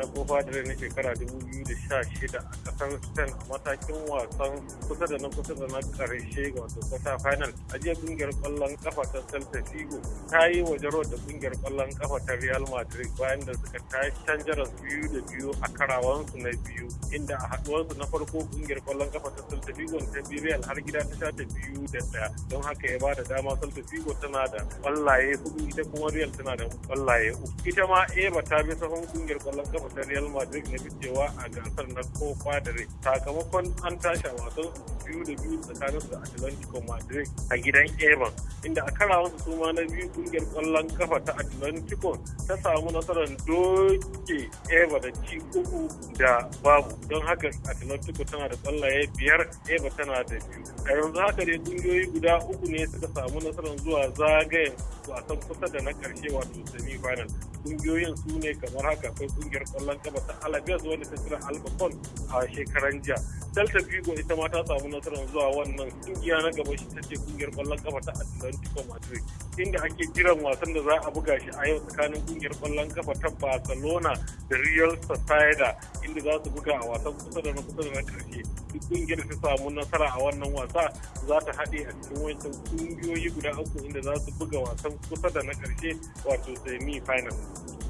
na kofa da na shekara 2016 a kasar spain a matakin wasan kusa da na kusa da na karshe ga wato kasa final a jiya kungiyar kwallon kafa ta celta figo ta yi wa jarot da kungiyar kwallon kafa ta real madrid bayan da suka ta canjara biyu da biyu a karawansu na biyu inda a haduwarsu na farko kungiyar kwallon kafa ta celta figo ta bi real har gida ta sha ta biyu da daya don haka ya ba da dama celta figo tana da kwallaye hudu ita kuma real tana da kwallaye uku ita ma eba ta bi sahun kungiyar kwallon kafa ta real madrid na ficewa a gasar na copa da sakamakon an tashi a wasan biyu da biyu tsakanin da atlantico madrid a gidan evan inda a kara wasu suma na biyu kungiyar kwallon kafa ta atlantico ta samu nasarar doke eva da ci uku da babu don haka atlantico tana da kwallaye biyar eva tana da biyu a yanzu haka dai kungiyoyi guda uku ne suka samu nasarar zuwa zagayen wasan kusa da na karshe wato semi final kungiyoyin su ne kamar haka akwai kungiyar kwallon ƙafa ta alabes wanda ta kira albacon a shekaran jiya delta vigo ita ma ta samu nasarar zuwa wannan kungiya na gaba shi ta ce kungiyar kwallon kafa ta atlantico madrid inda ake jiran wasan da za a buga shi a yau tsakanin kungiyar kwallon kafa ta barcelona da real sociedad inda za su buga a wasan kusa da na kusa da na karshe duk kungiyar ta samu nasara a wannan wasa za ta haɗe a cikin wancan kungiyoyi guda uku inda za su buga wasan kusa da na ƙarshe wato semi final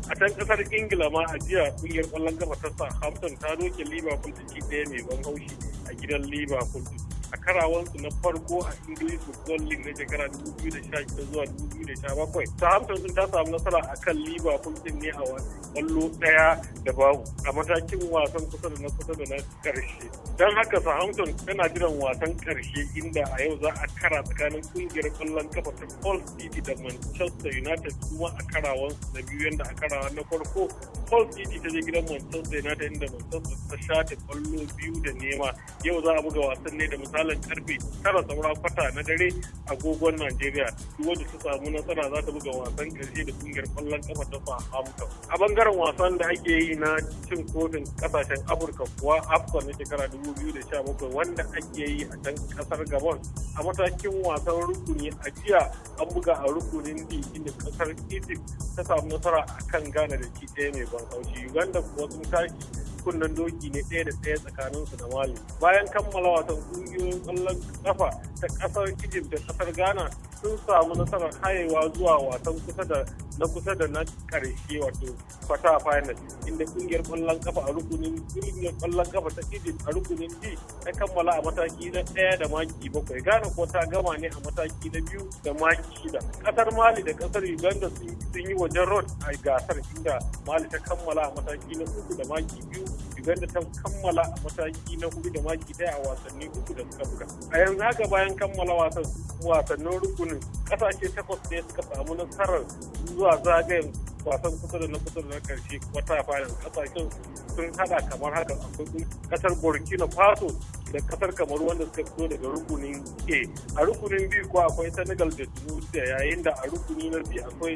a can kasar ingila ma a jiya kungiyar kwallon kafa ta sa hampton ta doke liverpool ciki ci ɗaya mai ban haushi a gidan liverpool a karawansu na farko a English Football League na shekara 2016 zuwa 2017. Southampton sun ta samu nasara a kan Liverpool din ne a kwallo ɗaya da babu a matakin wasan kusa da na kusa da na ƙarshe. Don haka Southampton tana jiran wasan ƙarshe inda a yau za a kara tsakanin ƙungiyar ƙwallon kafa ta paul City da Manchester United kuma a karawansu na biyu yadda a karawa na farko paul City ta je gidan Manchester United inda Manchester ta shata kwallo biyu da nema yau za a buga wasan ne da misali misalin karfe tara saura kwata na dare a agogon Najeriya duk wanda ta samu nasara za ta buga wasan karshe da kungiyar kwallon kafa ta Southampton. A bangaren wasan da ake yi na cin kofin kasashen Afirka kuwa AFCON na shekara dubu biyu da sha bakwai wanda ake yi a can kasar Gabon a matakin wasan rukuni a jiya an buga a rukunin D inda kasar Egypt ta samu nasara a kan Ghana da ci ɗaya mai ban Uganda kuwa sun tashi kunnen doki ne ɗaya da ɗaya tsakanin su da mali bayan kammala wasan ƙungiyoyin ƙwallon kafa ta kasar egypt da kasar ghana sun samu nasarar hayewa zuwa wasan kusa da na kusa da na ƙarshe wato kwata final inda ƙungiyar ƙwallon ƙafa a rukunin ƙungiyar ƙwallon ƙafa ta egypt a rukunin d ta kammala a mataki na ɗaya da maki bakwai ghana ko ta gama ne a mataki na biyu da maki shida ƙasar mali da ƙasar uganda sun yi wajen road a gasar inda mali ta kammala a mataki na uku da maki biyu da ta kammala mataki na hudu da maki daya a wasanni uku da suka buga a yanzu haka bayan kammala wasannin rukunin kasashe takwas ne suka samu nasarar zuwa zagayen wasan kusa da na kusa da na karshe wata final kasashen sun hada kamar haka akwai kasar burkina faso da kasar kamar wanda suka fito daga rukunin a a rukunin biyu ko akwai senegal da tunisia yayin da a rukuni na biyu akwai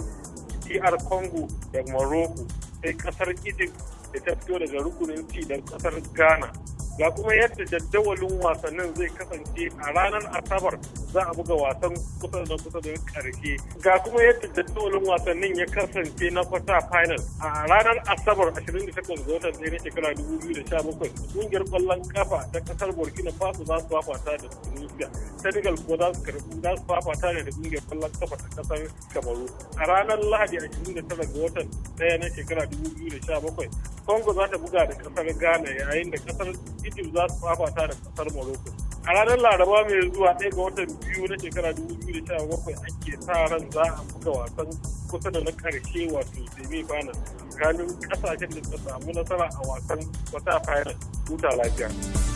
dr congo da morocco sai kasar egypt da ta fito daga rukunin ci don kasar ghana ga kuma yadda jadawalin wasannin zai kasance a ranar asabar za a buga wasan kusa da kusa da karshe ga kuma yadda jadawalin wasannin ya kasance na kwata final a ranar asabar 28 ga watan ɗaya shekara 2017 kungiyar kwallon kafa ta kasar burkina faso za su fafata da tunisia senegal ko za su karbi za su fafata da kungiyar kwallon kafa ta kasar kamaru a ranar lahadi 29 ga watan daya na shekara 2017 congo za ta buga da kasar ghana yayin da kasar egypt za su fafata da kasar morocco a ranar laraba mai zuwa ɗaya ga watan biyu na shekara dubu biyu da sha bakwai ake sa ran za a buga wasan kusa da na ƙarshe wato semi final tsakanin ƙasashen da ta samu nasara a wasan wata final huta lafiya.